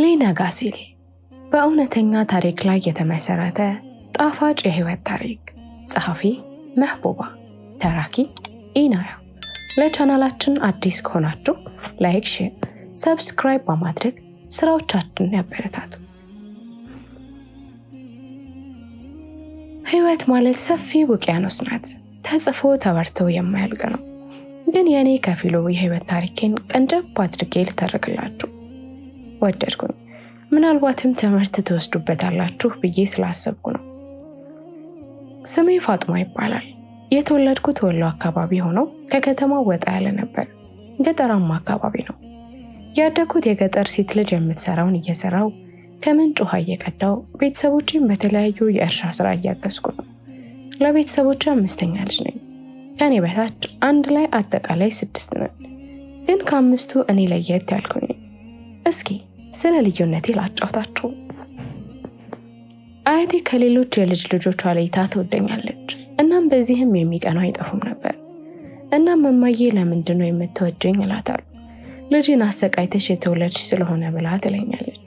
ሊነጋ በእውነተኛ ታሪክ ላይ የተመሰረተ ጣፋጭ የህይወት ታሪክ። ጸሐፊ መህቡባ፣ ተራኪ ኢናያ። ለቻናላችን አዲስ ከሆናችሁ ላይክ፣ ሼር፣ ሰብስክራይብ በማድረግ ስራዎቻችንን ያበረታቱ። ህይወት ማለት ሰፊ ውቅያኖስ ናት። ተጽፎ ተበርቶ የማያልቅ ነው። ግን የእኔ ከፊሉ የህይወት ታሪኬን ቀንጨብ አድርጌ ልተርክላችሁ ወደድኩኝ። ምናልባትም ትምህርት ትወስዱበታላችሁ ብዬ ስላሰብኩ ነው። ስሜ ፋጡማ ይባላል። የተወለድኩት ወሎ አካባቢ ሆነው ከከተማው ወጣ ያለ ነበር። ገጠራማ አካባቢ ነው ያደግኩት። የገጠር ሴት ልጅ የምትሰራውን እየሰራው ከምንጭ ውሃ እየቀዳው ቤተሰቦችን በተለያዩ የእርሻ ስራ እያገዝኩ ነው። ለቤተሰቦች አምስተኛ ልጅ ነኝ። ከኔ በታች አንድ ላይ አጠቃላይ ስድስት ነን። ግን ከአምስቱ እኔ ለየት ያልኩኝ። እስኪ ስለ ልዩነቴ ላጫውታችሁ። አያቴ ከሌሎች የልጅ ልጆቿ ለይታ ትወደኛለች። እናም በዚህም የሚቀነው አይጠፉም ነበር። እናም እማዬ ለምንድን ነው የምትወጅኝ እላታለሁ። ልጅን አሰቃይተሽ የተወለድሽ ስለሆነ ብላ ትለኛለች።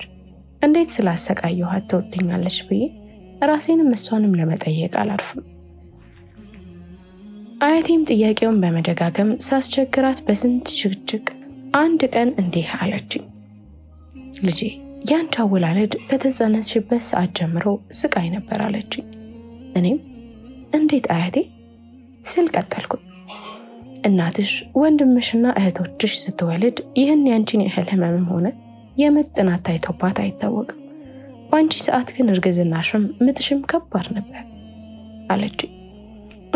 እንዴት ስላሰቃየኋት ትወደኛለች ብዬ ራሴንም እሷንም ለመጠየቅ አላርፍም። አያቴም ጥያቄውን በመደጋገም ሳስቸግራት በስንት ሽግችግ አንድ ቀን እንዲህ አለችኝ። ልጄ ያንቺ አወላለድ ከተጸነስሽበት ሰዓት ጀምሮ ስቃይ ነበር አለች። እኔም እንዴት አያቴ ስል ቀጠልኩኝ። እናትሽ ወንድምሽና እህቶችሽ ስትወልድ ይህን ያንቺን ያህል ህመምም ሆነ የምጥ ጥናት ታይቶባት አይታወቅም። በአንቺ ሰዓት ግን እርግዝናሽም ምጥሽም ከባድ ነበር አለች።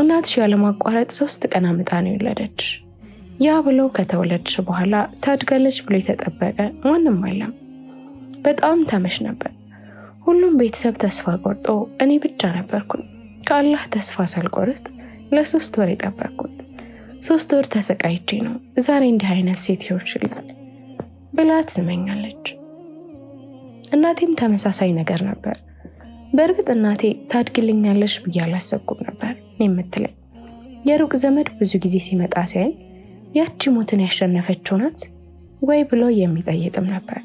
እናትሽ ያለማቋረጥ ሶስት ቀን አምጣ ነው የወለደች። ያ ብሎ ከተወለድሽ በኋላ ታድጋለች ብሎ የተጠበቀ ማንም አለም። በጣም ተመሽ ነበር። ሁሉም ቤተሰብ ተስፋ ቆርጦ እኔ ብቻ ነበርኩኝ ከአላህ ተስፋ ሳልቆርጥ ለሶስት ወር የጠበቅኩት። ሶስት ወር ተሰቃይቼ ነው ዛሬ እንዲህ አይነት ሴት ይሆንሽልኝ ብላ ትስመኛለች። እናቴም ተመሳሳይ ነገር ነበር። በእርግጥ እናቴ ታድግልኛለሽ ብዬ አላሰብኩም ነበር የምትለኝ። የሩቅ ዘመድ ብዙ ጊዜ ሲመጣ ሲያይ ያቺ ሞትን ያሸነፈችው ናት ወይ ብሎ የሚጠይቅም ነበር።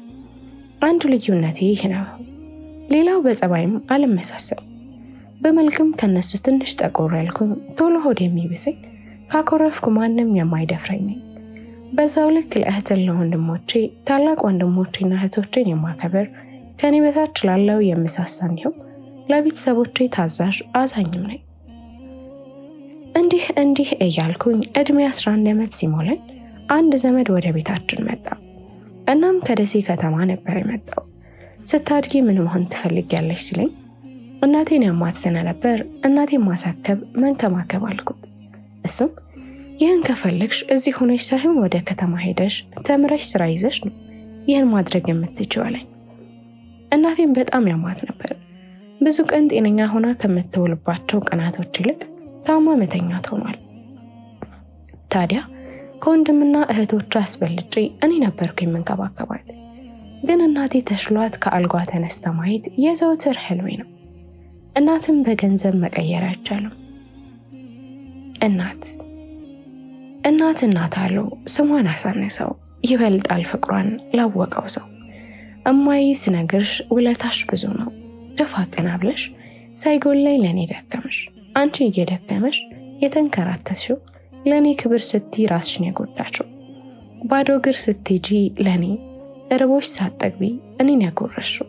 አንዱ ልዩነት ይህ ነው። ሌላው በጸባይም አልመሳሰል፣ በመልክም ከነሱ ትንሽ ጠቆር ያልኩ፣ ቶሎ ሆድ የሚብሰኝ፣ ካኮረፍኩ ማንም የማይደፍረኝ ነኝ። በዛው ልክ ለእህትን ለወንድሞቼ ታላቅ ወንድሞቼና እህቶቼን የማከብር ከኔ በታች ላለው የምሳሳ እንዲሁም ለቤተሰቦቼ ታዛዥ አዛኝም ነኝ። እንዲህ እንዲህ እያልኩኝ ዕድሜ 11 ዓመት ሲሞላኝ አንድ ዘመድ ወደ ቤታችን መጣ። እናም ከደሴ ከተማ ነበር የመጣው። ስታድጊ ምን መሆን ያለች ሲለኝ እናቴን ያማት ነበር እናቴን ማሳከብ መንከማከብ አልኩት። እሱም ይህን ከፈለግሽ እዚህ ሆነች ሳይሆን ወደ ከተማ ሄደሽ ተምረሽ ስራ ይዘሽ ነው ይህን ማድረግ የምትችው እናቴን በጣም ያማት ነበር። ብዙ ቀን ጤነኛ ሆና ከምትውልባቸው ቀናቶች ይልቅ ታማ መተኛት ሆኗል። ታዲያ ከወንድምና እህቶቿ አስበልጬ እኔ ነበርኩ የምንከባከባት። ግን እናቴ ተሽሏት ከአልጓ ተነስተ ማየት የዘውትር ህልሜ ነው። እናትም በገንዘብ መቀየር አይቻልም። እናት እናት እናት አለው ስሟን አሳነሰው ይበልጣል ፍቅሯን ላወቀው ሰው እማዬ ስነግርሽ ውለታሽ ብዙ ነው። ደፋ ቀና ብለሽ ሳይጎል ላይ ለእኔ ደከመሽ አንቺ እየደከመሽ የተንከራተሽው ለእኔ ክብር ስቲ ራስሽን ያጎዳችው፣ ባዶ እግር ስትጂ ለእኔ እርቦች ሳጠግቢ እኔን ያጎረሽው፣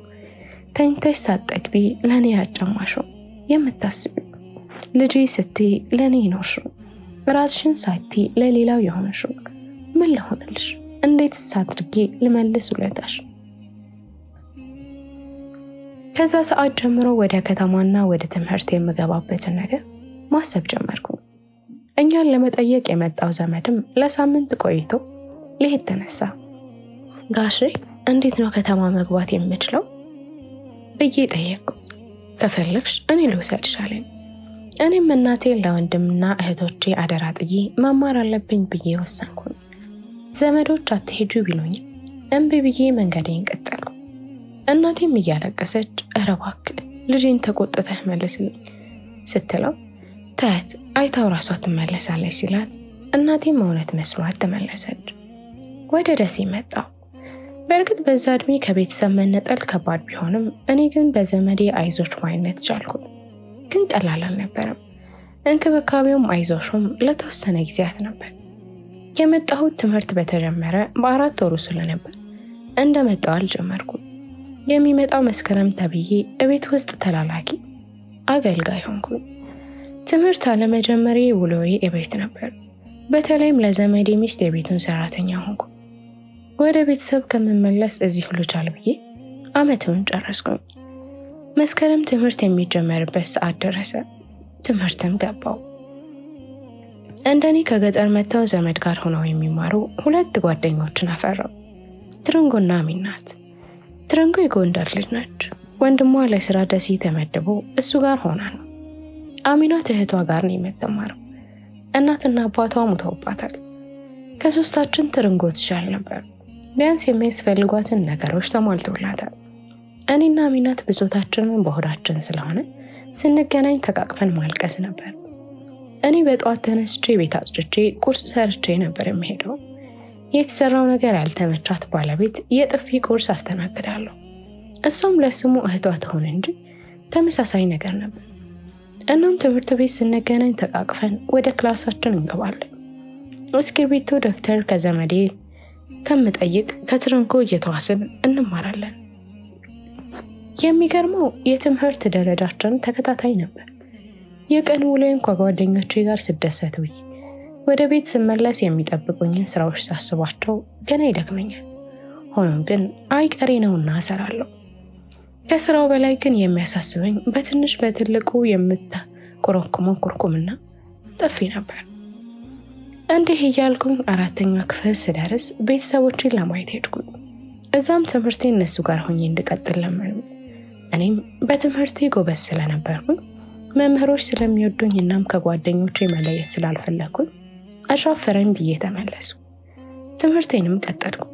ተኝተሽ ሳጠግቢ ለእኔ ያጨማሽው፣ የምታስቢው ልጅ ስቲ ለእኔ ይኖርሽው፣ ራስሽን ሳቲ ለሌላው የሆነሽው፣ ምን ለሆነልሽ እንዴት ሳድርጌ ልመልስ ውለታሽ? ከዛ ሰዓት ጀምሮ ወደ ከተማና ወደ ትምህርት የምገባበትን ነገር ማሰብ ጀመርኩ። እኛን ለመጠየቅ የመጣው ዘመድም ለሳምንት ቆይቶ ሊሄድ ተነሳ። ጋሽ እንዴት ነው ከተማ መግባት የምችለው ብዬ ጠየቅኩት። ከፈለግሽ እኔ ልውሰድሽ አለኝ። እኔም እናቴ ለወንድምና እህቶቼ አደራ ጥዬ መማር አለብኝ ብዬ ወሰንኩኝ። ዘመዶች አትሄጁ ቢሉኝ እንብ ብዬ መንገዴን ቀጠልኩ። እናቴም እያለቀሰች እረባክ ልጅን ተቆጥተህ መልስልኝ ስትለው ተያት አይታው ራሷ ትመለሳለች ሲላት እናቴም እውነት መስሏት ተመለሰች። ወደ ደሴ መጣው። በእርግጥ በዛ እድሜ ከቤተሰብ መነጠል ከባድ ቢሆንም እኔ ግን በዘመዴ አይዞች ማይነት ቻልኩ። ግን ቀላል አልነበረም። እንክብካቤውም አይዞሹም ለተወሰነ ጊዜያት ነበር። የመጣሁት ትምህርት በተጀመረ በአራት ወሩ ስለነበር እንደ መጣው አልጀመርኩም። የሚመጣው መስከረም ተብዬ እቤት ውስጥ ተላላኪ አገልጋይ ሆንኩኝ። ትምህርት አለመጀመሪ ውሎዬ የቤት ነበር። በተለይም ለዘመዴ ሚስት የቤቱን ሰራተኛ ሆንኩ። ወደ ቤተሰብ ከምመለስ እዚህ ሁሉ ብዬ አመቱን ጨረስኩኝ። መስከረም ትምህርት የሚጀመርበት ሰዓት ደረሰ። ትምህርትም ገባው። እንደኔ ከገጠር መጥተው ዘመድ ጋር ሆነው የሚማሩ ሁለት ጓደኞችን አፈራው። ትርንጎና ሚናት። ትርንጎ የጎንደር ልጅ ነች። ወንድሟ ለስራ ደሴ ተመድቦ እሱ ጋር ሆና ነው አሚናት እህቷ ጋር ነው የምትማረው። እናትና አባቷ ሙተውባታል። ከሶስታችን ትርንጎ ትሻል ነበር። ቢያንስ የሚያስፈልጓትን ነገሮች ተሟልቶላታል። እኔና አሚናት ብሶታችንን በሆዳችን ስለሆነ ስንገናኝ ተቃቅፈን ማልቀስ ነበር። እኔ በጠዋት ተነስቼ ቤት አጽድቼ ቁርስ ሰርቼ ነበር የሚሄደው። የተሰራው ነገር ያልተመቻት ባለቤት የጥፊ ቁርስ አስተናግዳለሁ። እሷም ለስሙ እህቷ ትሆን እንጂ ተመሳሳይ ነገር ነበር። እናም ትምህርት ቤት ስንገናኝ ተቃቅፈን ወደ ክላሳችን እንገባለን። እስክርቢቶ ደብተር ከዘመዴ ከምጠይቅ ከትርንኮ እየተዋስን እንማራለን። የሚገርመው የትምህርት ደረጃችን ተከታታይ ነበር። የቀን ውሎዬን ከጓደኞቼ ጋር ስደሰት ውይ ወደ ቤት ስመለስ የሚጠብቁኝን ስራዎች ሳስባቸው ገና ይደክመኛል። ሆኖም ግን አይቀሬ ነውና እሰራለሁ። ከስራው በላይ ግን የሚያሳስበኝ በትንሽ በትልቁ የምታቆረኩመን ኩርኩምና ጥፊ ነበር። እንዲህ እያልኩኝ አራተኛ ክፍል ስደርስ ቤተሰቦችን ለማየት ሄድኩኝ። እዛም ትምህርቴ እነሱ ጋር ሆኜ እንድቀጥል ለመኑ። እኔም በትምህርቴ ጎበዝ ስለነበርኩኝ መምህሮች ስለሚወዱኝ እናም ከጓደኞቹ መለየት ስላልፈለግኩኝ አሻፈረኝ ብዬ ተመለሱ። ትምህርቴንም ቀጠልኩ።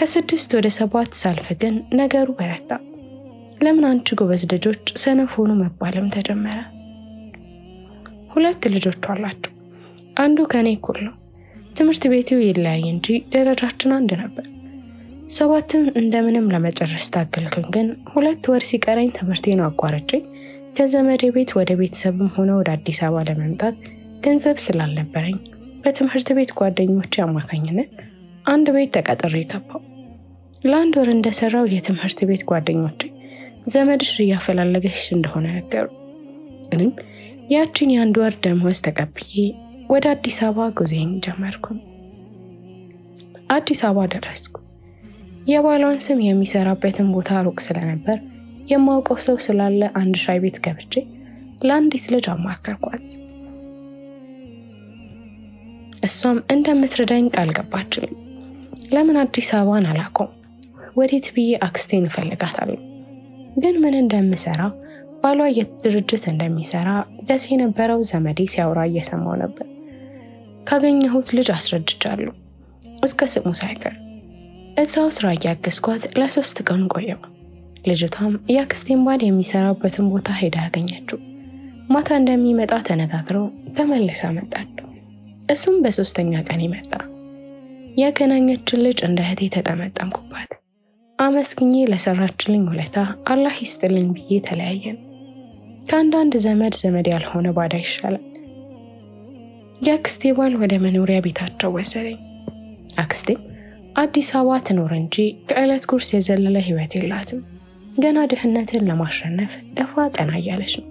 ከስድስት ወደ ሰባት ሳልፍ ግን ነገሩ በረታ። ለምን አንቺ ጎበዝ ልጆች ሰነፍ ሆኑ መባልም ተጀመረ። ሁለት ልጆች አላቸው። አንዱ ከኔ እኩል ነው። ትምህርት ቤቱ ይለያይ እንጂ ደረጃችን አንድ ነበር። ሰባትም እንደምንም ለመጨረስ ታገልኩኝ። ግን ሁለት ወር ሲቀረኝ ትምህርቴን አቋርጬ ከዘመዴ ቤት ወደ ቤተሰብም ሆነ ወደ አዲስ አበባ ለመምጣት ገንዘብ ስላልነበረኝ በትምህርት ቤት ጓደኞች አማካኝነት አንድ ቤት ተቀጥሬ ገባሁ። ለአንድ ወር እንደሰራው የትምህርት ቤት ጓደኞቼ ዘመድሽ እያፈላለገሽ እንደሆነ ነገሩ። እኔም ያችን የአንድ ወር ደመወዝ ተቀብዬ ወደ አዲስ አበባ ጉዜን ጀመርኩ። አዲስ አበባ ደረስኩ። የባሏን ስም የሚሰራበትን ቦታ ሩቅ ስለነበር የማውቀው ሰው ስላለ አንድ ሻይ ቤት ገብቼ ለአንዲት ልጅ አማከርኳት። እሷም እንደምትረዳኝ ቃል ገባችልኝ። ለምን አዲስ አበባን አላውቀውም፣ ወዴት ብዬ አክስቴን እፈልጋታለሁ። ግን ምን እንደምሰራ ባሏ የት ድርጅት እንደሚሰራ ደስ የነበረው ዘመዴ ሲያወራ እየሰማው ነበር። ካገኘሁት ልጅ አስረድቻለሁ እስከ ስሙ ሳይቀር እዛው ስራ እያገዝኳት ለሶስት ቀን ቆየው። ልጅቷም የአክስቴን ባል የሚሰራበትን ቦታ ሄዳ ያገኘችው። ማታ እንደሚመጣ ተነጋግረው ተመልሳ መጣች። እሱም በሶስተኛ ቀን ይመጣ። ያገናኘችን ልጅ እንደ እህቴ ተጠመጠምኩባት። አመስግኜ ለሰራችልኝ ውለታ አላህ ይስጥልኝ ብዬ ተለያየን። ከአንዳንድ ዘመድ ዘመድ ያልሆነ ባዳ ይሻላል። የአክስቴ ባል ወደ መኖሪያ ቤታቸው ወሰደኝ። አክስቴ አዲስ አበባ ትኖር እንጂ ከዕለት ጉርስ የዘለለ ህይወት የላትም። ገና ድህነትን ለማሸነፍ ደፋ ጠና እያለች ነው።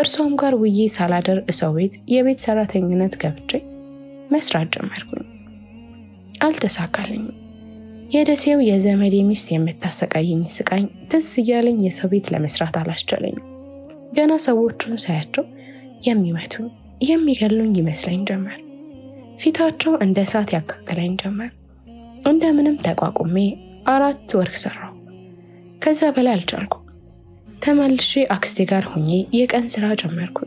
እርሷም ጋር ውዬ ሳላደር እሰው ቤት የቤት ሰራተኝነት ገብቼ መስራት ጀመርኩኝ። አልተሳካልኝም። የደሴው የዘመዴ ሚስት የምታሰቃየኝ ስቃኝ ትዝ እያለኝ የሰው ቤት ለመስራት አላስቻለኝም። ገና ሰዎቹን ሳያቸው የሚመቱኝ የሚገሉኝ ይመስለኝ ጀመር። ፊታቸው እንደ እሳት ያካከለኝ ጀመር። እንደምንም ተቋቁሜ አራት ወርክ ሰራሁ። ከዛ በላይ አልቻልኩ። ተመልሼ አክስቴ ጋር ሁኜ የቀን ስራ ጀመርኩ።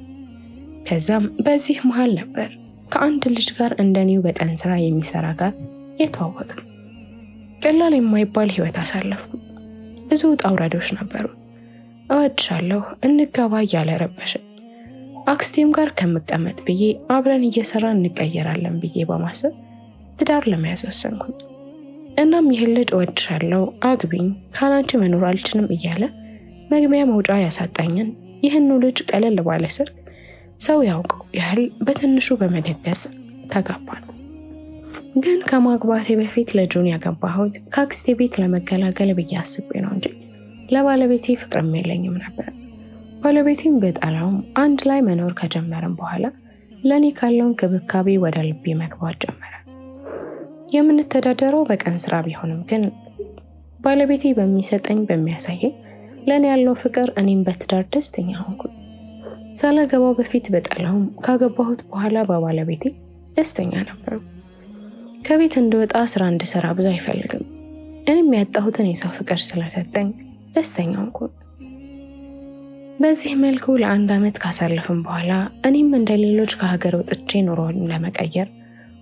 ከዛም በዚህ መሀል ነበር ከአንድ ልጅ ጋር እንደኔው በቀን ስራ የሚሰራ ጋር የተዋወቅም። ቀላል የማይባል ህይወት አሳለፉ። ብዙ ውጣ ውረዶች ነበሩ። እወድሻለሁ እንጋባ እያለ ረበሸኝ። አክስቴም ጋር ከምቀመጥ ብዬ አብረን እየሰራ እንቀየራለን ብዬ በማሰብ ትዳር ለመያዝ ወሰንኩኝ። እናም ይህን ልጅ እወድሻለሁ፣ አግቢኝ፣ ካላንቺ መኖር አልችልም እያለ መግቢያ መውጫ ያሳጣኝን ይህኑ ልጅ ቀለል ባለ ስልክ ሰው ያውቀው ያህል በትንሹ በመደገስ ተጋባ ነው። ግን ከማግባቴ በፊት ልጁን ያገባሁት ከአክስቴ ቤት ለመገላገል ብዬ አስቤ ነው እንጂ ለባለቤቴ ፍቅርም የለኝም ነበር። ባለቤቴም ብጠላውም አንድ ላይ መኖር ከጀመርም በኋላ ለእኔ ካለው እንክብካቤ ወደ ልቤ መግባት ጀመረ። የምንተዳደረው በቀን ስራ ቢሆንም ግን ባለቤቴ በሚሰጠኝ በሚያሳየኝ ለእኔ ያለው ፍቅር እኔም በትዳር ደስተኛ ሆንኩ። ሳላገባው በፊት ብጠላውም ካገባሁት በኋላ በባለቤቴ ደስተኛ ነበርኩ። ከቤት እንደወጣ ስራ እንድሰራ ብዙ አይፈልግም። እኔም ያጣሁትን የሰው ፍቅር ስለሰጠኝ ደስተኛ በዚህ መልኩ ለአንድ ዓመት ካሳለፍም በኋላ እኔም እንደ ሌሎች ከሀገር ወጥቼ ኑሮን ለመቀየር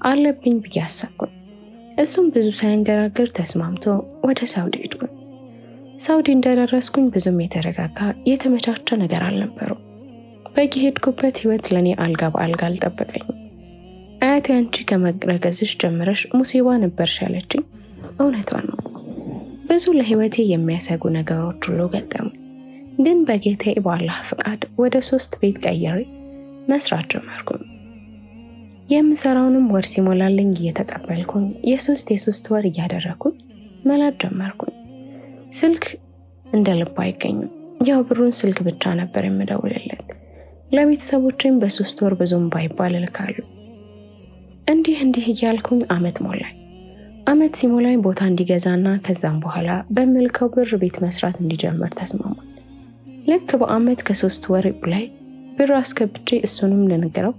አለብኝ ብዬ አሰብኩኝ። እሱም ብዙ ሳያንገራግር ተስማምቶ ወደ ሳውዲ ሄድኩኝ። ሳውዲ እንደደረስኩኝ ብዙም የተረጋጋ የተመቻቸ ነገር አልነበረው። በቂ ሄድኩበት ህይወት ለእኔ አልጋ በአልጋ አልጠበቀኝም። አያቴ አንቺ ከመረገዝሽ ጀምረሽ ሙሲባ ነበርሽ ያለችኝ እውነቷን ነው። ብዙ ለህይወቴ የሚያሰጉ ነገሮች ሁሉ ገጠሙ። ግን በጌታ በአላህ ፈቃድ ወደ ሶስት ቤት ቀይሬ መስራት ጀመርኩ። የምሰራውንም ወር ሲሞላልኝ እየተቀበልኩኝ የሶስት የሶስት ወር እያደረግኩኝ መላት ጀመርኩኝ። ስልክ እንደ ልብ አይገኝም። ያው ብሩን ስልክ ብቻ ነበር የምደውልለት። ለቤተሰቦችም በሶስት ወር ብዙም ባይባል እልካለሁ። እንዲህ እንዲህ እያልኩኝ አመት ሞላኝ። አመት ሲሞላኝ ቦታ እንዲገዛና ከዛም በኋላ በምልከው ብር ቤት መስራት እንዲጀምር ተስማማል። ልክ በአመት ከሶስት ወር ላይ ብር አስከብቼ እሱንም ልንገረው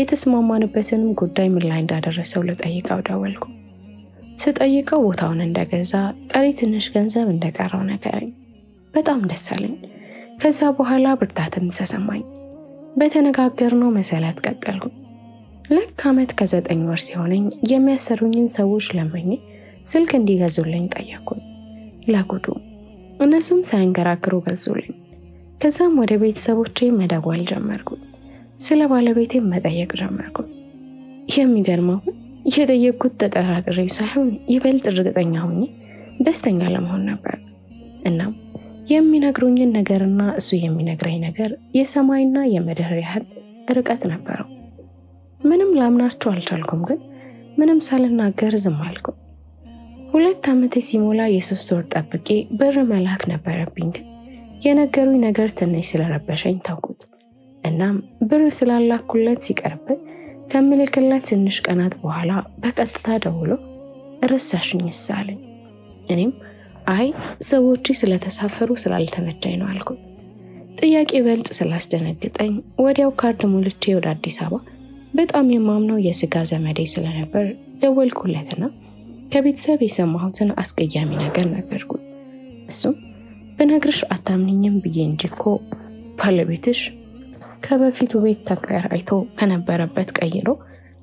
የተስማማንበትንም ጉዳይ ምን ላይ እንዳደረሰው ልጠይቀው ደወልኩ። ስጠይቀው ቦታውን እንደገዛ ቀሪ ትንሽ ገንዘብ እንደቀረው ነገረኝ። በጣም ደስ አለኝ። ከዛ በኋላ ብርታትም ተሰማኝ። በተነጋገርነው መሰረት ቀጠልኩኝ። ልክ ዓመት ከዘጠኝ ወር ሲሆነኝ የሚያሰሩኝን ሰዎች ለመኝ ስልክ እንዲገዙልኝ ጠየኩኝ። ለጉዱ እነሱም ሳያንገራግሩ ገዙልኝ። ከዛም ወደ ቤተሰቦቼ መደወል ጀመርኩ። ስለ ባለቤቴ መጠየቅ ጀመርኩ። የሚገርመው የጠየቅኩት ተጠራጥሬ ሳይሆን ይበልጥ እርግጠኛ ሆኜ ደስተኛ ለመሆን ነበር። እናም የሚነግሩኝን ነገርና እሱ የሚነግረኝ ነገር የሰማይና የምድር ያህል ርቀት ነበረው። ምንም ላምናቸው አልቻልኩም፣ ግን ምንም ሳልናገር ዝም አልኩ። ሁለት ዓመቴ ሲሞላ የሶስት ወር ጠብቄ ብር መላክ ነበረብኝ፣ ግን የነገሩኝ ነገር ትንሽ ስለረበሸኝ ታውቁት። እናም ብር ስላላኩለት ሲቀርብን ከምልክለት ትንሽ ቀናት በኋላ በቀጥታ ደውሎ ረሳሽኝ ይሳለኝ። እኔም አይ ሰዎች ስለተሳፈሩ ስላልተመቸኝ ነው አልኩት። ጥያቄ ይበልጥ ስላስደነግጠኝ ወዲያው ካርድ ሞልቼ ወደ አዲስ አበባ በጣም የማምነው የስጋ ዘመዴ ስለነበር ደወልኩለትና ከቤተሰብ የሰማሁትን አስቀያሚ ነገር ነገርኩት። እሱም ብነግርሽ አታምንኝም ብዬ እንጂ እኮ ባለቤትሽ ከበፊቱ ቤት ተከራይቶ ከነበረበት ቀይሮ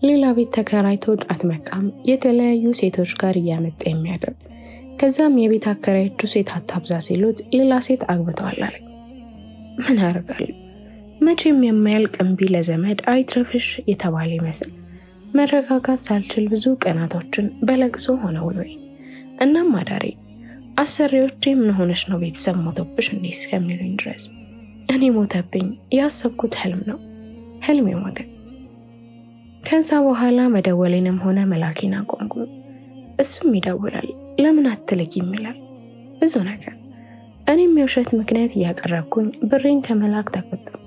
ሌላ ቤት ተከራይቶ ጫት መቃም፣ የተለያዩ ሴቶች ጋር እያመጣ የሚያደርግ ከዛም የቤት አከራዮቹ ሴት አታብዛ ሲሉት ሌላ ሴት አግብተዋል አለ። ምን አደርጋለሁ? መቼም የማያልቅ እምቢ ለዘመድ አይትረፍሽ የተባለ ይመስል መረጋጋት ሳልችል ብዙ ቀናቶችን በለቅሶ ሆነ ውሎዬ። እናም አዳሬ አሰሪዎቼ ምን ነው ቤተሰብ ሞተብሽ እንዴ እስከሚሉኝ ድረስ እኔ ሞተብኝ፣ ያሰብኩት ህልም ነው፣ ህልም የሞተ። ከዛ በኋላ መደወሌንም ሆነ መላኪን አቆምኩ። እሱም ይደውላል፣ ለምን አትልኪም ይላል፣ ብዙ ነገር። እኔም የውሸት ምክንያት እያቀረብኩኝ ብሬን ከመላክ ተቆጠብኩ።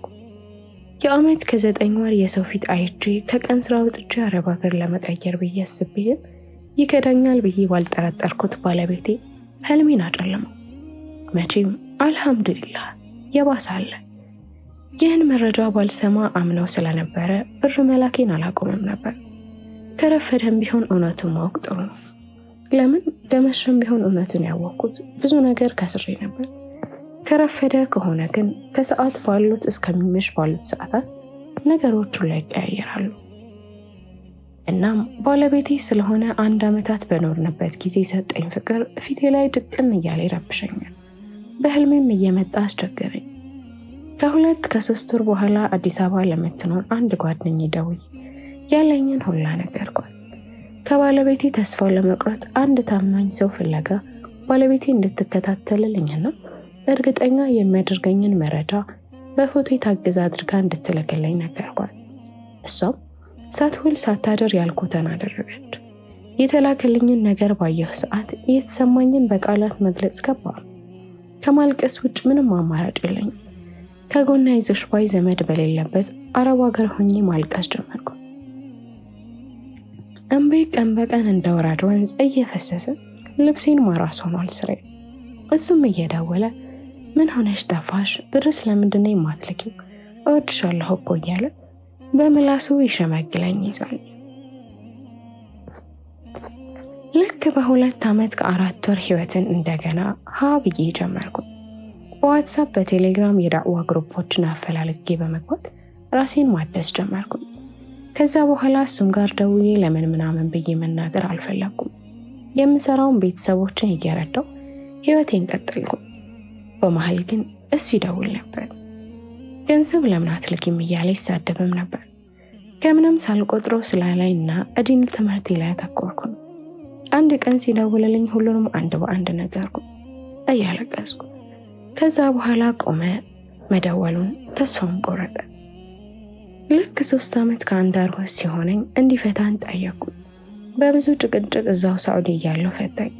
የዓመት ከዘጠኝ ወር የሰው ፊት አይቼ ከቀን ስራ ወጥቼ አረብ ሀገር ለመቀየር ብዬ አስቤም ይከዳኛል ብዬ ባልጠረጠርኩት ባለቤቴ ህልሜን አጨለመው። መቼም አልሐምዱሊላህ የባሰ አለ። ይህን መረጃ ባልሰማ አምነው ስለነበረ ብር መላኬን አላቆምም ነበር። ከረፈደም ቢሆን እውነቱን ማወቅ ጥሩ ነው። ለምን ደመሸም ቢሆን እውነቱን ያወቅኩት ብዙ ነገር ከስሬ ነበር። ከረፈደ ከሆነ ግን ከሰዓት ባሉት እስከሚመሽ ባሉት ሰዓታት ነገሮቹ ላይ ይቀያየራሉ። እናም ባለቤቴ ስለሆነ አንድ ዓመታት በኖርንበት ጊዜ የሰጠኝ ፍቅር ፊቴ ላይ ድቅን እያለ ይረብሸኛል። በህልሜም እየመጣ አስቸገረኝ። ከሁለት ከሶስት ወር በኋላ አዲስ አበባ ለምትኖር አንድ ጓደኝ ደውይ ያለኝን ሁላ ነገርኳት። ከባለቤቴ ተስፋ ለመቁረጥ አንድ ታማኝ ሰው ፍለጋ ባለቤቴ እንድትከታተልልኝና እርግጠኛ የሚያደርገኝን መረጃ በፎቶ የታገዘ አድርጋ እንድትለክለኝ ነገርኳል። እሷም ሳትውል ሳታደር ያልኩትን አደረገች። የተላከልኝን ነገር ባየሁ ሰዓት የተሰማኝን በቃላት መግለጽ ገባ። ከማልቀስ ውጭ ምንም አማራጭ የለኝ ከጎና ይዞሽ ባይ ዘመድ በሌለበት አረብ ሀገር ሆኜ ማልቀስ ጀመርኩ። እንቤ ቀን በቀን እንደ ወራድ ወንዝ እየፈሰሰ ልብሴን ማራስ ሆኗል ስራ እሱም እየደወለ ምን ሆነሽ ጠፋሽ? ብር ስለምንድን የማትልኪው? እወድሻለሁ እኮ እያለ በምላሱ ይሸመግለኝ ይዟል። ልክ በሁለት ዓመት ከአራት ወር ህይወትን እንደገና ሀ ብዬ ጀመርኩ። በዋትሳፕ በቴሌግራም የዳዕዋ ግሩፖችን አፈላልጌ በመግባት ራሴን ማደስ ጀመርኩ። ከዛ በኋላ እሱም ጋር ደውዬ ለምን ምናምን ብዬ መናገር አልፈለግኩም። የምሰራውን ቤተሰቦችን እየረዳው ህይወቴን ቀጠልኩ። በመሀል ግን እሱ ይደውል ነበር። ገንዘብ ለምን አትልኪም እያለ ይሳደብም ነበር። ከምንም ሳልቆጥረው ስራ ላይ እና እድል ትምህርቴ ላይ አተኮርኩ። አንድ ቀን ሲደውልልኝ ሁሉንም አንድ በአንድ ነገርኩ፣ እያለቀስኩ። ከዛ በኋላ ቆመ መደወሉን፣ ተስፋውን ቆረጠ። ልክ ሶስት ዓመት ከአንድ አርሆስ ሲሆነኝ እንዲፈታን ጠየቁ። በብዙ ጭቅጭቅ እዛው ሳዑዲ እያለው ፈታኝ።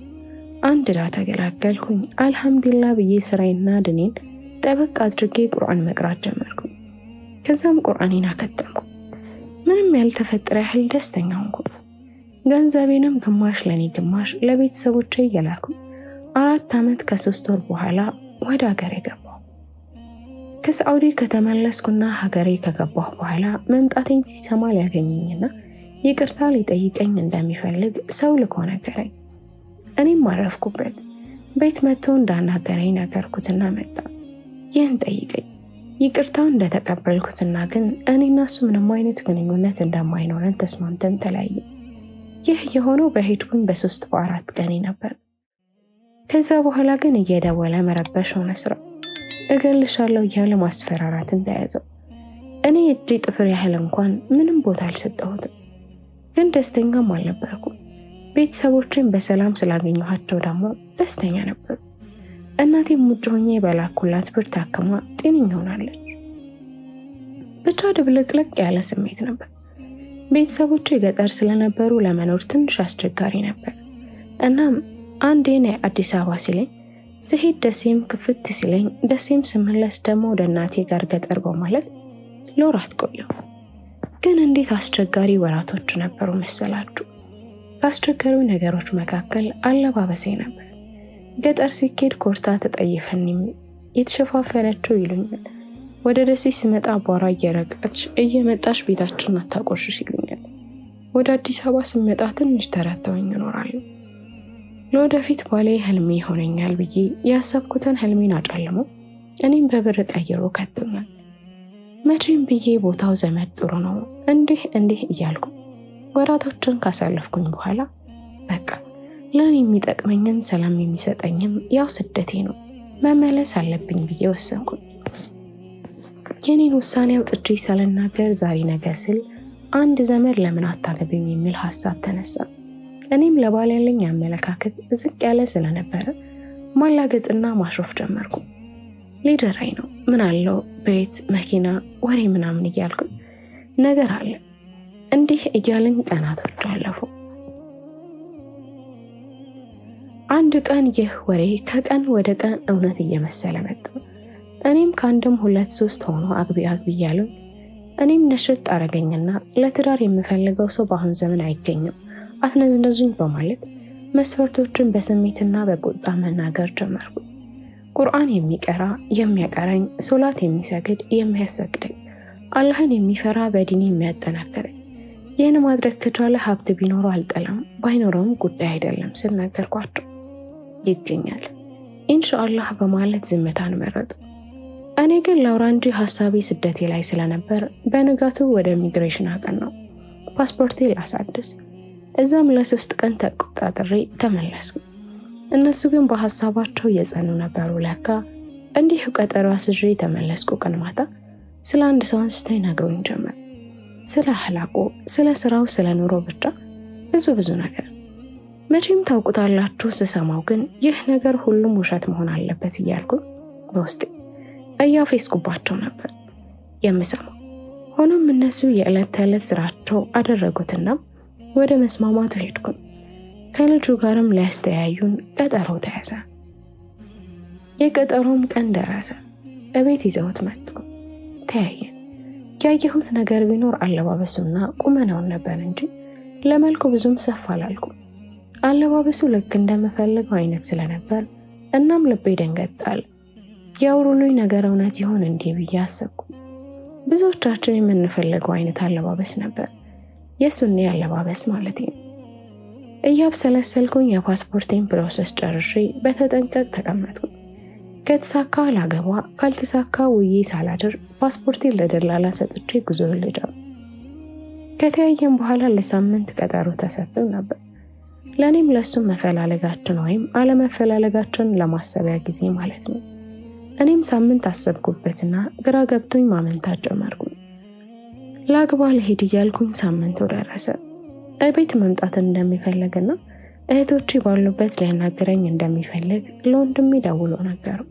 አንድ ላ ተገላገልኩኝ። አልሐምዱላ ብዬ ስራዬና ድኔን ጠበቅ አድርጌ ቁርአን መቅራት ጀመርኩ። ከዛም ቁርአኔን አከተምኩ። ምንም ያልተፈጠረ ያህል ደስተኛ ሆንኩ። ገንዘቤንም ግማሽ ለእኔ ግማሽ ለቤተሰቦቼ እየላኩ አራት ዓመት ከሶስት ወር በኋላ ወደ ሀገሬ ገባሁ። ከሳዑዲ ከተመለስኩና ሀገሬ ከገባሁ በኋላ መምጣቴን ሲሰማ ሊያገኘኝና ይቅርታ ሊጠይቀኝ እንደሚፈልግ ሰው ልኮ ነገረኝ። እኔም አረፍኩበት። ቤት መጥቶ እንዳናገረኝ ነገርኩትና መጣ። ይህን ጠይቀኝ ይቅርታው እንደተቀበልኩትና ግን እኔና እሱ ምንም አይነት ግንኙነት እንደማይኖረን ተስማምተን ተለያየ። ይህ የሆነው በሄድኩኝ በሶስት በአራት ቀኔ ነበር። ከዛ በኋላ ግን እየደወለ መረበሽ ሆነ ስራ። እገልሻለው እያለ ማስፈራራትን ተያዘው። እኔ እጅ ጥፍር ያህል እንኳን ምንም ቦታ አልሰጠሁትም፣ ግን ደስተኛም አልነበርኩም። ቤተሰቦችን በሰላም ስላገኘኋቸው ደግሞ ደስተኛ ነበር። እናቴም ውጭ ሆኜ በላኩላት ብር ታክማ ጤነኛ ሆናለች። ብቻ ድብልቅልቅ ያለ ስሜት ነበር። ቤተሰቦቼ ገጠር ስለነበሩ ለመኖር ትንሽ አስቸጋሪ ነበር። እናም አንዴ ነይ አዲስ አበባ ሲለኝ ስሄድ ደሴም ክፍት ሲለኝ ደሴም ስመለስ ደግሞ ወደ እናቴ ጋር ገጠር በማለት ለወራት ቆየሁ። ግን እንዴት አስቸጋሪ ወራቶች ነበሩ መሰላችሁ። ካስቸገሩኝ ነገሮች መካከል አለባበሴ ነበር። ገጠር ሲኬድ ኮርታ ተጠይፈን የተሸፋፈነችው ይሉኛል። ወደ ደሴ ስመጣ አቧራ እየረቀች እየመጣች ቤታችንን አታቆሽሽ ይሉኛል። ወደ አዲስ አበባ ስመጣ ትንሽ ተረተውኝ እኖራለሁ። ለወደፊት ባሌ ህልሜ ይሆነኛል ብዬ ያሰብኩትን ህልሜን አጨልሞ እኔም በብር ቀይሮ ከቶኛል። መቼም ብዬ ቦታው ዘመድ ጥሩ ነው እንዲህ እንዲህ እያልኩ ወራቶችን ካሳለፍኩኝ በኋላ በቃ ለእኔ የሚጠቅመኝም ሰላም የሚሰጠኝም ያው ስደቴ ነው፣ መመለስ አለብኝ ብዬ ወሰንኩኝ። የኔን ውሳኔ አውጥቼ ሳልናገር ዛሬ ነገ ስል አንድ ዘመድ ለምን አታገቢም የሚል ሀሳብ ተነሳ። እኔም ለባል ያለኝ አመለካከት ዝቅ ያለ ስለነበረ ማላገጥና ማሾፍ ጀመርኩ። ሊደራይ ነው ምን አለው ቤት፣ መኪና፣ ወሬ ምናምን እያልኩ ነገር አለ እንዲህ እያልን ቀናቶቹ አለፉ። አንድ ቀን ይህ ወሬ ከቀን ወደ ቀን እውነት እየመሰለ መጣ። እኔም ከአንድም ሁለት ሶስት ሆኖ አግቢ አግቢ እያሉኝ እኔም ነሽጥ አረገኝና ለትዳር የምፈልገው ሰው በአሁን ዘመን አይገኝም አትነዝነዙኝ በማለት መስፈርቶችን በስሜትና በቁጣ መናገር ጀመርኩ። ቁርአን የሚቀራ የሚያቀራኝ፣ ሶላት የሚሰግድ የሚያሰግደኝ፣ አላህን የሚፈራ በዲን የሚያጠናክረኝ ይህን ማድረግ ከቻለ ሀብት ቢኖረው አልጠላም፣ ባይኖረውም ጉዳይ አይደለም ስል ይገኛል ኢንሻአላህ በማለት ዝምታን መረጡ። እኔ ግን ላውራ እንጂ ሀሳቤ ስደቴ ላይ ስለነበር በንጋቱ ወደ ኢሚግሬሽን አቀን ነው። ፓስፖርቴ ላሳድስ እዛም ለሶስት ቀን ተቆጣጥሬ ተመለስኩ። እነሱ ግን በሀሳባቸው የጸኑ ነበሩ። ለካ እንዲሁ ቀጠሮ አስዤ የተመለስኩ ቀን ማታ ስለ አንድ ሰው አንስተው ይነግሩኝ ጀመር። ስለ አህላቁ፣ ስለ ስራው፣ ስለ ኑሮ ብቻ ብዙ ብዙ ነገር መቼም ታውቁታላችሁ። ስሰማው ግን ይህ ነገር ሁሉም ውሸት መሆን አለበት እያልኩ በውስጤ እያፌስኩባቸው ነበር የምሰማው። ሆኖም እነሱ የዕለት ተዕለት ስራቸው አደረጉትና ወደ መስማማቱ ሄድኩን። ከልጁ ጋርም ሊያስተያዩን ቀጠሮ ተያዘ። የቀጠሮም ቀን ደረሰ። እቤት ይዘውት መጡ። ተያየን። ያየሁት ነገር ቢኖር አለባበሱና ቁመናውን ነበር እንጂ ለመልኩ ብዙም ሰፍ አላልኩ። አለባበሱ ልክ እንደምፈልገው አይነት ስለነበር እናም ልቤ ደንገጥ አለ። ነገር እውነት ይሆን እንዲህ ብዬ አሰብኩ። ብዙዎቻችን የምንፈልገው አይነት አለባበስ ነበር፣ የሱኔ አለባበስ ማለት ነው። እያብሰለሰልኩኝ የፓስፖርቴን ፕሮሰስ ጨርሼ በተጠንቀቅ ተቀመጥኩ። ከተሳካ ላገባ ካልተሳካ ውዬ ሳላደር ፓስፖርቴን ለደላላ ሰጥቼ ጉዞ ልጀም። ከተያየም በኋላ ለሳምንት ቀጠሮ ተሰጥቶ ነበር። ለእኔም ለእሱም መፈላለጋችን ወይም አለመፈላለጋችን ለማሰቢያ ጊዜ ማለት ነው። እኔም ሳምንት አሰብኩበትና ግራ ገብቶኝ ማመንታት ጀመርኩኝ። ላግባ ልሄድ እያልኩኝ ሳምንቱ ደረሰ። እቤት መምጣት እንደሚፈልግና እህቶቼ ባሉበት ሊያናግረኝ እንደሚፈልግ ለወንድሜ ደውሎ ነገረው።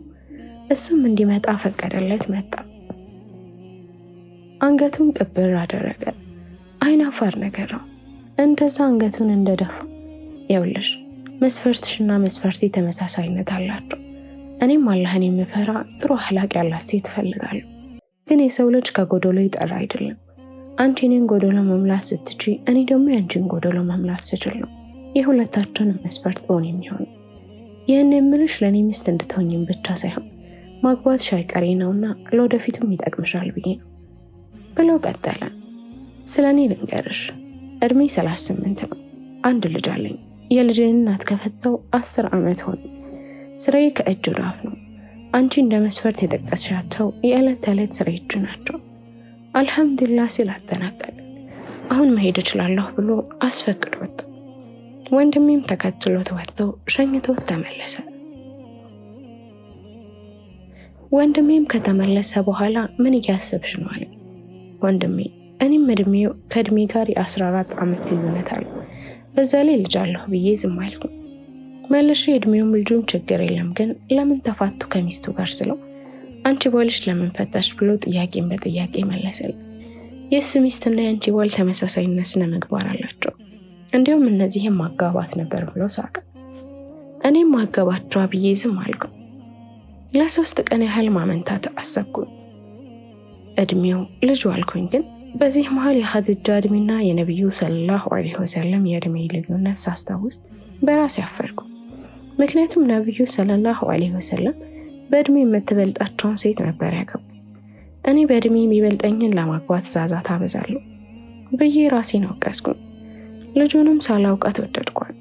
እሱም እንዲመጣ ፈቀደለት። መጣ። አንገቱን ቅብር አደረገ። አይናፋር ነገር ነው። እንደዛ አንገቱን እንደደፋ የውልሽ መስፈርትሽና መስፈርቴ ተመሳሳይነት አላቸው። እኔም አላህን የምፈራ ጥሩ አህላቅ ያላት ሴት እፈልጋለሁ። ግን የሰው ልጅ ከጎዶሎ ይጠራ አይደለም። አንቺ እኔን ጎዶሎ መምላት ስትች፣ እኔ ደግሞ የአንቺን ጎዶሎ መምላት ስችል ነው የሁለታችንን መስፈርት በሆን የሚሆነው። ይህን የምልሽ ለእኔ ሚስት እንድትሆኝም ብቻ ሳይሆን ማግባትሽ አይቀሬ ነውና ለወደፊትም ይጠቅምሻል ብዬ ነው ብለው ቀጠለ። ስለ እኔ ልንገርሽ፣ እድሜ ሰላሳ ስምንት ነው። አንድ ልጅ አለኝ። የልጅን እናት ከፈታው አስር ዓመት ሆነ። ስራዬ ከእጅ ዳፍ ነው። አንቺ እንደ መስፈርት የጠቀስሻቸው የዕለት ተዕለት ስራዎቹ ናቸው። አልሐምዱላ ሲል አጠናቀቅ። አሁን መሄድ እችላለሁ ብሎ አስፈቅዶት ወንድሜም ተከትሎት ወጥቶ ሸኝቶት ተመለሰ። ወንድሜም ከተመለሰ በኋላ ምን እያሰብሽ ነው አለ። ወንድሜ እኔም እድሜው ከእድሜ ጋር የ14 ዓመት ልዩነት አለ። በዛ ላይ ልጅ አለሁ ብዬ ዝም አልኩ። መለሽ የእድሜውም ልጁም ችግር የለም ግን ለምን ተፋቱ ከሚስቱ ጋር ስለው አንቺ ባልሽ ለምን ፈታሽ ብሎ ጥያቄን በጥያቄ መለሰል። የእሱ ሚስትና የአንቺ ባል ተመሳሳይነት ስነ ምግባር አላቸው፣ እንዲሁም እነዚህም ማጋባት ነበር ብሎ ሳቀ። እኔም ማገባቸዋ ብዬ ዝም አልኩ። ለሶስት ቀን ያህል ማመንታት አሰብኩኝ። እድሜው ልጁ አልኩኝ። ግን በዚህ መሀል የኸድጃ እድሜና የነቢዩ ሰለላሁ ዐለይሂ ወሰለም የእድሜ ልዩነት ሳስታውስ በራሴ ያፈርኩ። ምክንያቱም ነቢዩ ሰለላሁ ዐለይሂ ወሰለም በእድሜ የምትበልጣቸውን ሴት ነበር ያገቡ። እኔ በእድሜ የሚበልጠኝን ለማግባት ዛዛት አበዛለሁ ብዬ ራሴን አወቀስኩኝ። ልጁንም ሳላውቃት ወደድኳል።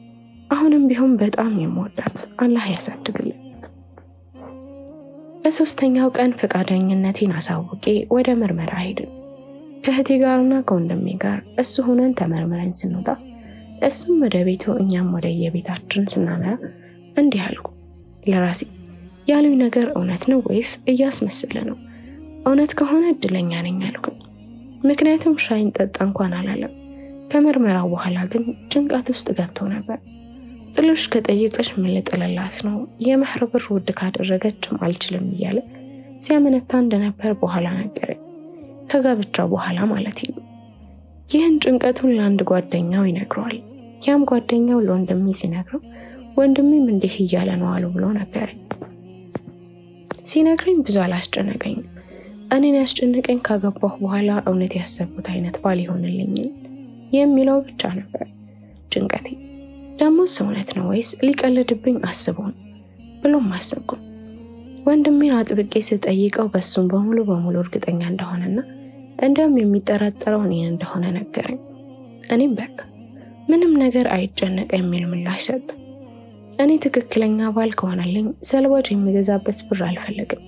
አሁንም ቢሆን በጣም የምወዳት አላህ ያሳድግልን። በሶስተኛው ቀን ፈቃደኝነቴን አሳውቄ ወደ ምርመራ ሄድን። ከእህቴ ጋርና ከወንድሜ ጋር እሱ ሆነን ተመርምረን ስንወጣ እሱም ወደ ቤቱ እኛም ወደ የቤታችን ስናመራ እንዲህ አልኩ ለራሴ ያሉኝ ነገር እውነት ነው ወይስ እያስመስለ ነው? እውነት ከሆነ እድለኛ ነኝ አልኩኝ። ምክንያቱም ሻይን ጠጣ እንኳን አላለም። ከምርመራው በኋላ ግን ጭንቀት ውስጥ ገብቶ ነበር። ጥሎሽ ከጠየቀች ምን ልጥልላት ነው የመህር ብር ውድ ካደረገችም አልችልም እያለ ሲያመነታ እንደነበር በኋላ ነገረ። ከጋብቻ በኋላ ማለት ነው። ይህን ጭንቀቱን ለአንድ ጓደኛው ይነግረዋል። ያም ጓደኛው ለወንድሜ ሲነግረው ወንድሜም እንዲህ እያለ ነው አሉ ብሎ ነገረኝ። ሲነግረኝ ብዙ አላስጨነቀኝም። እኔን ያስጨነቀኝ ካገባሁ በኋላ እውነት ያሰብኩት አይነት ባል ይሆንልኝ የሚለው ብቻ ነበር ጭንቀቴ። ደግሞስ እውነት ነው ወይስ ሊቀልድብኝ አስቦን ብሎም አሰብኩም። ወንድሜን አጥብቄ ስጠይቀው በሱም በሙሉ በሙሉ እርግጠኛ እንደሆነና እንዲያውም የሚጠራጠረው እኔን እንደሆነ ነገረኝ። እኔም በቃ ምንም ነገር አይጨነቀ የሚል ምላሽ ሰጥ እኔ ትክክለኛ ባል ከሆነልኝ ሰልባጅ የሚገዛበት ብር አልፈልግም፣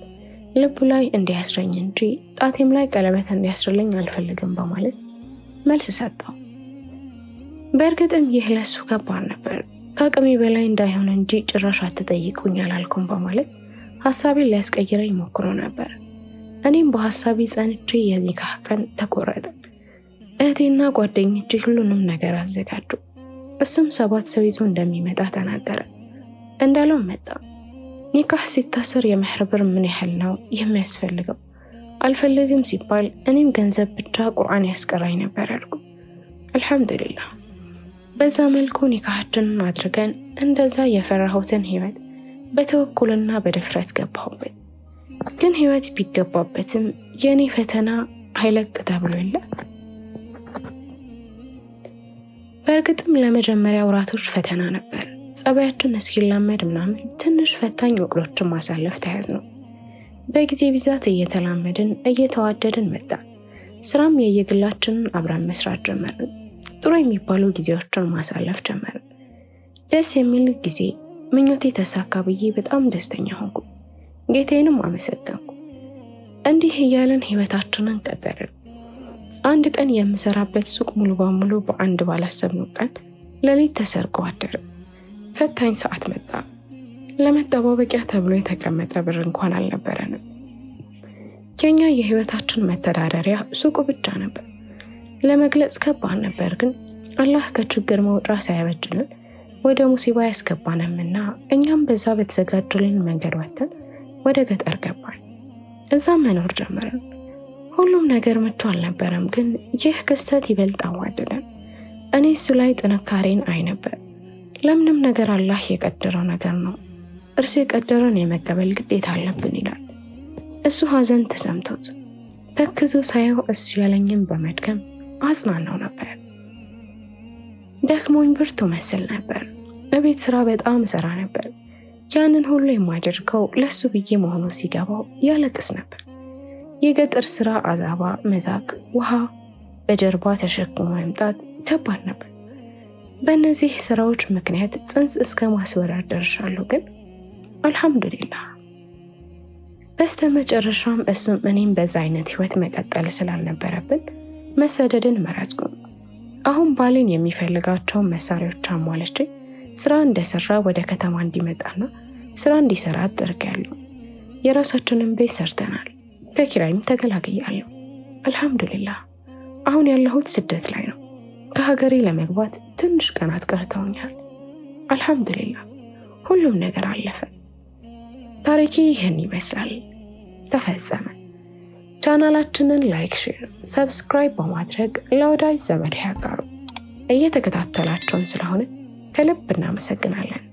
ልቡ ላይ እንዲያስረኝ እንጂ ጣቴም ላይ ቀለበት እንዲያስርልኝ አልፈልግም በማለት መልስ ሰጠው። በእርግጥም ይህ ለሱ ከባድ ነበር። ከአቅሜ በላይ እንዳይሆን እንጂ ጭራሽ አትጠይቁኝ አላልኩም በማለት ሀሳቤን ሊያስቀይረኝ ሞክሮ ነበር። እኔም በሀሳቤ ጸንቼ የኒካህ ቀን ተቆረጠ። እህቴና ጓደኞቼ ሁሉንም ነገር አዘጋጁ። እሱም ሰባት ሰው ይዞ እንደሚመጣ ተናገረ። እንዳለው መጣ። ኒካህ ሲታሰር የመህር ብር ምን ያህል ነው የሚያስፈልገው? አልፈልግም ሲባል እኔም ገንዘብ ብቻ ቁርአን ያስቀራኝ ነበር አልኩ። አልሐምዱሊላህ በዛ መልኩ ኒካሃችንን አድርገን እንደዛ የፈራሁትን ህይወት በተወኩልና በድፍረት ገባሁበት። ግን ህይወት ቢገባበትም የእኔ ፈተና አይለቅ ተብሎ የለ። በእርግጥም ለመጀመሪያ ውራቶች ፈተና ነበር። ጸባያችን እስኪላመድ ምናምን ትንሽ ፈታኝ ወቅሎችን ማሳለፍ ተያዝ ነው። በጊዜ ብዛት እየተላመድን እየተዋደድን መጣ። ስራም የየግላችንን አብረን መስራት ጀመርን። ጥሩ የሚባሉ ጊዜዎችን ማሳለፍ ጀመርን። ደስ የሚል ጊዜ ምኞቴ ተሳካ ብዬ በጣም ደስተኛ ሆንኩ። ጌታዬንም አመሰገንኩ። እንዲህ እያለን ህይወታችንን ቀጠልን። አንድ ቀን የምሰራበት ሱቅ ሙሉ በሙሉ በአንድ ባላሰብነው ቀን ሌሊት ተሰርቆ አደረ። ፈታኝ ሰዓት መጣ። ለመጠባበቂያ ተብሎ የተቀመጠ ብር እንኳን አልነበረንም። የኛ የህይወታችን መተዳደሪያ ሱቁ ብቻ ነበር። ለመግለጽ ከባድ ነበር፣ ግን አላህ ከችግር መውጫ ሳያበጅልን ወደ ሙሲባ ያስገባንምና እኛም በዛ በተዘጋጀልን መንገድ ወተን ወደ ገጠር ገባን። እዛም መኖር ጀመርን። ሁሉም ነገር ምቹ አልነበረም፣ ግን ይህ ክስተት ይበልጥ አዋደደን። እኔ እሱ ላይ ጥንካሬን አይነበር። ለምንም ነገር አላህ የቀደረው ነገር ነው፣ እርሱ የቀደረን የመቀበል ግዴታ አለብን ይላል። እሱ ሀዘን ተሰምቶት ተክዞ ሳየው እሱ ያለኝም በመድገም አጽናናው ነበር። ደክሞኝ ብርቱ መስል ነበር። ለቤት ስራ በጣም ሰራ ነበር። ያንን ሁሉ የማደርገው ለሱ ብዬ መሆኑ ሲገባው ያለቅስ ነበር። የገጠር ስራ አዛባ መዛቅ፣ ውሃ በጀርባ ተሸክሞ መምጣት ከባድ ነበር። በእነዚህ ስራዎች ምክንያት ጽንስ እስከ ማስወረድ ደርሻለሁ። ግን አልሐምዱሊላህ በስተመጨረሻም እሱም እኔም በዛ አይነት ህይወት መቀጠል ስላልነበረብን መሰደድን መረጥኩ። አሁን ባሌን የሚፈልጋቸውን መሳሪያዎች አሟለቼ ስራ እንደሰራ ወደ ከተማ እንዲመጣና ስራ እንዲሰራ ያለው የራሳችንን ቤት ሰርተናል። ከኪራይም ተገላግያለሁ። አልሐምዱሊላህ። አሁን ያለሁት ስደት ላይ ነው። ከሀገሬ ለመግባት ትንሽ ቀናት ቀርተውኛል። አልሐምዱሊላህ ሁሉም ነገር አለፈ። ታሪኬ ይህን ይመስላል። ተፈጸመ። ቻናላችንን ላይክ፣ ሼር፣ ሰብስክራይብ በማድረግ ለወዳጅ ዘመድ ያጋሩ። እየተከታተላቸውን ስለሆነ ከልብ እናመሰግናለን።